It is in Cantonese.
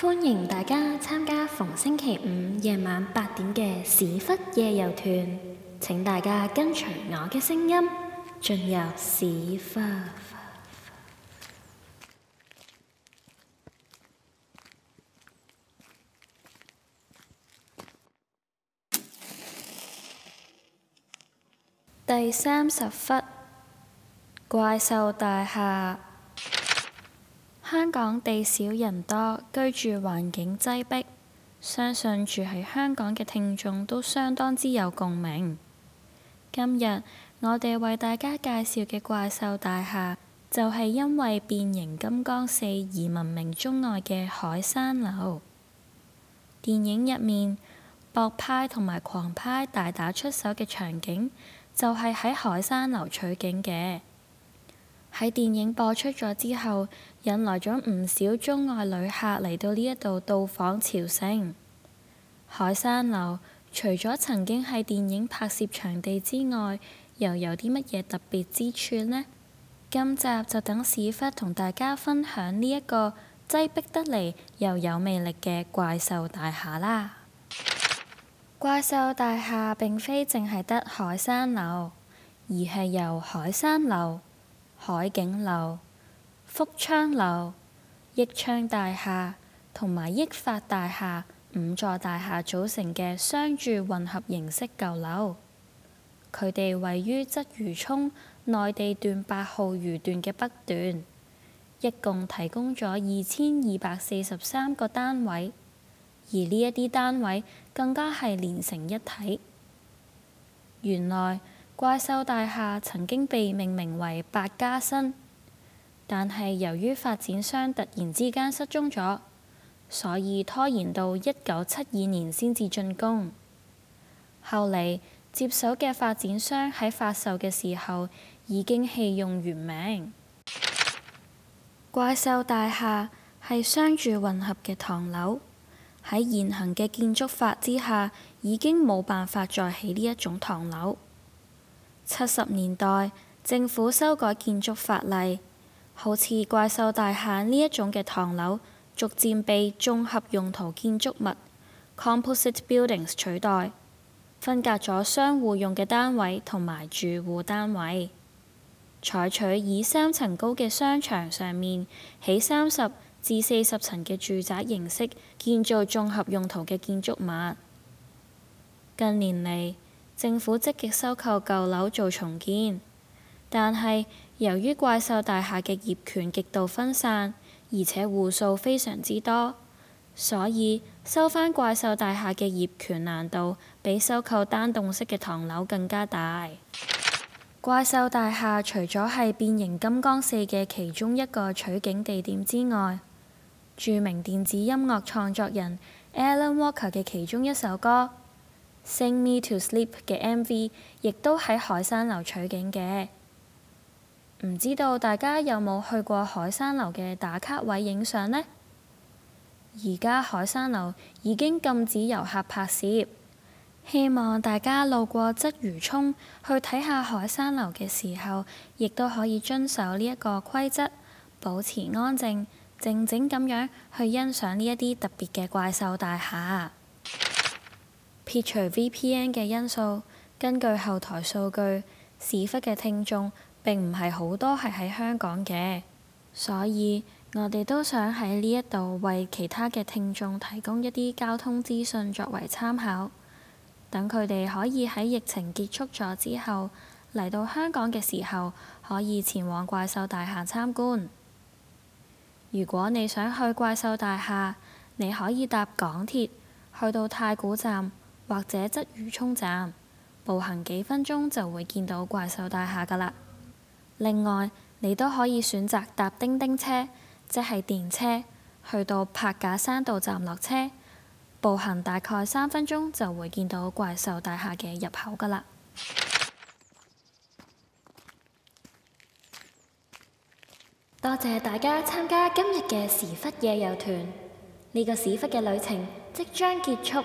歡迎大家參加逢星期五夜晚八點嘅史窟夜遊團。請大家跟隨我嘅聲音進入史窟。第三十窟怪獸大廈。香港地少人多，居住環境擠迫，相信住喺香港嘅聽眾都相當之有共鳴。今日我哋為大家介紹嘅怪獸大廈就係因為《變形金剛四》而聞名中外嘅海山樓。電影入面，博派同埋狂派大打出手嘅場景，就係喺海山樓取景嘅。喺電影播出咗之後，引來咗唔少中外旅客嚟到呢一度到訪朝聖。海山樓，除咗曾經係電影拍攝場地之外，又有啲乜嘢特別之處呢？今集就等屎忽同大家分享呢一個擠迫得嚟又有魅力嘅怪獸大廈啦！怪獸大廈並非淨係得海山樓，而係由海山樓、海景樓、福昌樓、益昌大廈同埋益發大廈五座大廈組成嘅商住混合形式舊樓，佢哋位於鰂魚涌內地段八號餘段嘅北段，一共提供咗二千二百四十三個單位，而呢一啲單位更加係連成一體，原來。怪獸大廈曾經被命名為百嘉新，但係由於發展商突然之間失蹤咗，所以拖延到一九七二年先至竣工。後嚟接手嘅發展商喺發售嘅時候已經棄用原名。怪獸大廈係商住混合嘅唐樓，喺現行嘅建築法之下已經冇辦法再起呢一種唐樓。七十年代，政府修改建築法例，好似怪獸大廈呢一種嘅唐樓，逐漸被綜合用途建築物 （composite buildings） 取代，分隔咗商戶用嘅單位同埋住戶單位，採取以三層高嘅商場上面起三十至四十層嘅住宅形式建造綜合用途嘅建築物。近年嚟，政府積極收購舊樓做重建，但係由於怪獸大廈嘅業權極度分散，而且戶數非常之多，所以收翻怪獸大廈嘅業權難度比收購單棟式嘅唐樓更加大。怪獸大廈除咗係《變形金剛四》嘅其中一個取景地點之外，著名電子音樂創作人 Alan Walker 嘅其中一首歌 Sing Me To Sleep 嘅 MV 亦都喺海山樓取景嘅，唔知道大家有冇去過海山樓嘅打卡位影相呢？而家海山樓已經禁止遊客拍攝，希望大家路過鰂魚涌去睇下海山樓嘅時候，亦都可以遵守呢一個規則，保持安靜，靜靜咁樣去欣賞呢一啲特別嘅怪獸大廈啊！撇除 VPN 嘅因素，根據後台數據，史窟嘅聽眾並唔係好多，係喺香港嘅，所以我哋都想喺呢一度為其他嘅聽眾提供一啲交通資訊作為參考，等佢哋可以喺疫情結束咗之後嚟到香港嘅時候，可以前往怪獸大廈參觀。如果你想去怪獸大廈，你可以搭港鐵去到太古站。或者鰂魚涌站，步行幾分鐘就會見到怪獸大廈噶啦。另外，你都可以選擇搭叮叮車，即係電車，去到柏架山道站落車，步行大概三分鐘就會見到怪獸大廈嘅入口噶啦。多謝大家參加今日嘅屎忽夜遊團，呢個屎忽嘅旅程即將結束。